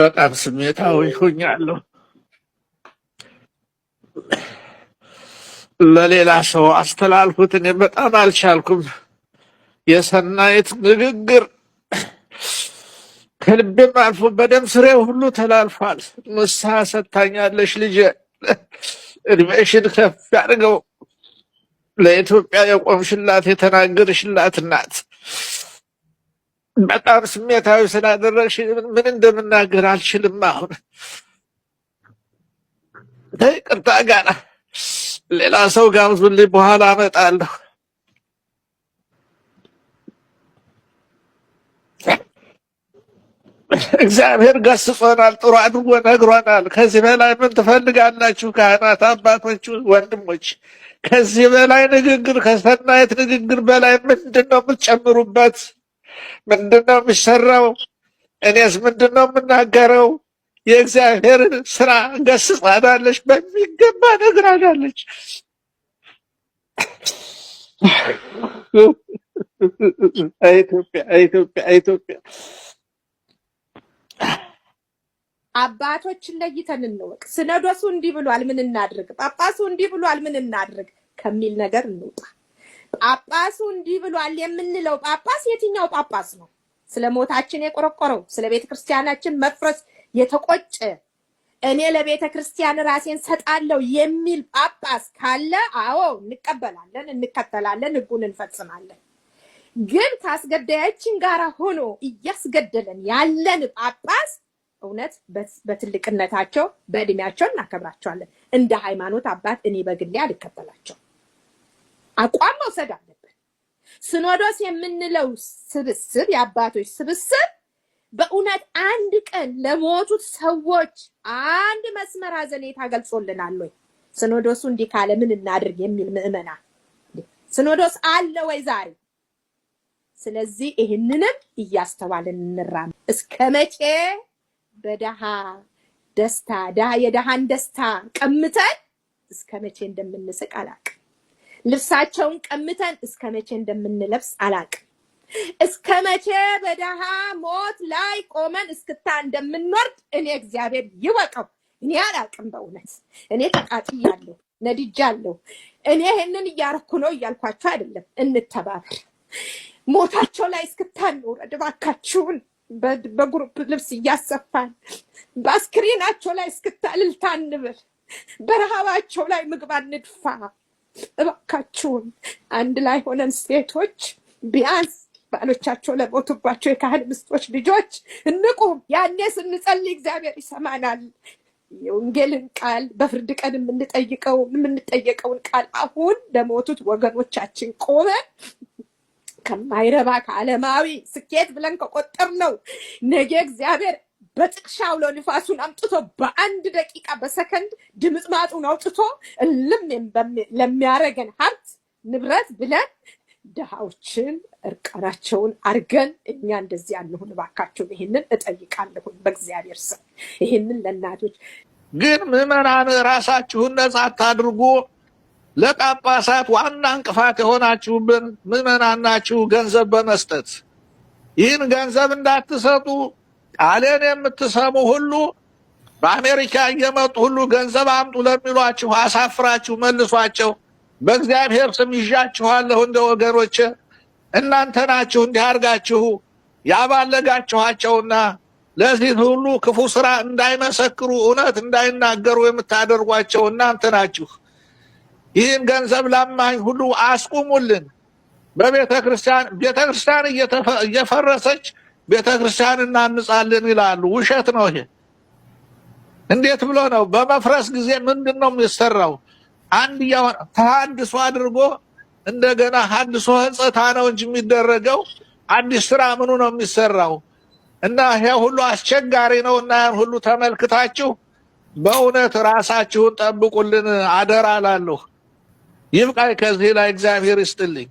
በጣም ስሜታዊ ሆኛለሁ። ለሌላ ሰው አስተላልፉት። እኔ በጣም አልቻልኩም። የሰናይት ንግግር ከልቤም አልፎ በደም ስሬ ሁሉ ተላልፏል። ንስሐ ሰጥታኛለሽ ልጄ፣ እድሜሽን ከፍ ያድርገው። ለኢትዮጵያ የቆምሽላት የተናገርሽላት ናት። በጣም ስሜታዊ ስላደረግሽ ምን እንደምናገር አልችልም። አሁን ይቅርታ ጋር ሌላ ሰው ጋብዙልኝ፣ በኋላ አመጣለሁ። እግዚአብሔር ገስጾናል፣ ጥሩ አድርጎ ነግሮናል። ከዚህ በላይ ምን ትፈልጋላችሁ? ካህናት፣ አባቶች፣ ወንድሞች ከዚህ በላይ ንግግር ከሰናየት ንግግር በላይ ምንድን ነው የምትጨምሩበት? ምንድነው የሚሰራው? እኔስ ምንድነው የምናገረው? የእግዚአብሔርን ስራ ገስጻናለች፣ በሚገባ ነግራናለች። ኢትዮጵያ ኢትዮጵያ ኢትዮጵያ አባቶችን ለይተን እንወቅ። ስነዶሱ እንዲህ ብሏል ምን እናድርግ፣ ጳጳሱ እንዲህ ብሏል ምን እናድርግ ከሚል ነገር እንውጣ። ጳጳሱ እንዲህ ብሏል የምንለው ጳጳስ የትኛው ጳጳስ ነው? ስለ ሞታችን የቆረቆረው ስለ ቤተ ክርስቲያናችን መፍረስ የተቆጨ እኔ ለቤተ ክርስቲያን ራሴን ሰጣለው የሚል ጳጳስ ካለ አዎ እንቀበላለን፣ እንከተላለን፣ ህጉን እንፈጽማለን። ግን ከአስገዳያችን ጋር ሆኖ እያስገደለን ያለን ጳጳስ እውነት በትልቅነታቸው በእድሜያቸው እናከብራቸዋለን። እንደ ሃይማኖት አባት እኔ በግሌ አልከተላቸው አቋም መውሰድ አለብን። ሲኖዶስ የምንለው ስብስብ የአባቶች ስብስብ በእውነት አንድ ቀን ለሞቱት ሰዎች አንድ መስመር አዘኔታ ገልጾልናል ወይ? ሲኖዶሱ እንዲህ ካለ ምን እናድርግ የሚል ምዕመና ሲኖዶስ አለ ወይ ዛሬ? ስለዚህ ይህንንም እያስተዋልን እንራም። እስከ መቼ በደሃ ደስታ የደሃን ደስታ ቀምተን እስከ መቼ እንደምንስቅ አላውቅም። ልብሳቸውን ቀምተን እስከ መቼ እንደምንለብስ አላቅም። እስከ መቼ በደሃ ሞት ላይ ቆመን እስክታ እንደምንወርድ እኔ እግዚአብሔር ይወቀው። እኔ አላቅም። በእውነት እኔ ተቃጥያለሁ፣ ነድጃለሁ። እኔ ይህንን እያረኩ ነው እያልኳቸው አይደለም። እንተባበር። ሞታቸው ላይ እስክታ እንውረድ እባካችሁን። በግሩፕ ልብስ እያሰፋን በአስክሬናቸው ላይ እስክታ እልልታ በረሃባቸው ላይ ምግብ አንድፋ። እባካችሁን አንድ ላይ ሆነን ሴቶች ቢያንስ ባሎቻቸው ለሞቱባቸው የካህን ምስቶች ልጆች እንቁም። ያኔ ስንጸልይ እግዚአብሔር ይሰማናል። የወንጌልን ቃል በፍርድ ቀን የምንጠይቀው የምንጠየቀውን ቃል አሁን ለሞቱት ወገኖቻችን ቆመን ከማይረባ ከዓለማዊ ስኬት ብለን ከቆጠር ነው ነገ እግዚአብሔር በጥቅሻ አውሎ ንፋሱን አምጥቶ በአንድ ደቂቃ በሰከንድ ማጡን አውጥቶ እልም ለሚያደርገን ሀብት ንብረት ብለን ድሃዎችን እርቃናቸውን አርገን እኛ እንደዚህ ያለሁን እባካቸውን ይህንን እጠይቃለሁን በእግዚአብሔር ስም ይህንን ለእናቶች ግን ምዕመናን ራሳችሁን ነጻ አታድርጉ። ለጳጳሳት ዋና እንቅፋት የሆናችሁብን ምዕመናን ናችሁ። ገንዘብ በመስጠት ይህን ገንዘብ እንዳትሰጡ ቃሌን የምትሰሙ ሁሉ በአሜሪካ እየመጡ ሁሉ ገንዘብ አምጡ ለሚሏችሁ አሳፍራችሁ መልሷቸው። በእግዚአብሔር ስም ይዣችኋለሁ። እንደ ወገኖች እናንተ ናችሁ እንዲህ አድርጋችሁ ያባለጋችኋቸውና ለዚህ ሁሉ ክፉ ስራ እንዳይመሰክሩ እውነት እንዳይናገሩ የምታደርጓቸው እናንተ ናችሁ። ይህን ገንዘብ ላማኝ ሁሉ አስቁሙልን። በቤተ ክርስቲያን ቤተ ክርስቲያን እየፈረሰች ቤተ ክርስቲያን እናንጻለን ይላሉ። ውሸት ነው ይሄ። እንዴት ብሎ ነው? በመፍረስ ጊዜ ምንድን ነው የሚሰራው? አንድ ተሀድሶ አድርጎ እንደገና ሀድሶ ሕንጸታ ነው እንጂ የሚደረገው አዲስ ስራ ምኑ ነው የሚሰራው? እና ይሄ ሁሉ አስቸጋሪ ነው። እና ያን ሁሉ ተመልክታችሁ በእውነት ራሳችሁን ጠብቁልን አደራ ላለሁ። ይብቃይ ከዚህ ላይ እግዚአብሔር ይስጥልኝ።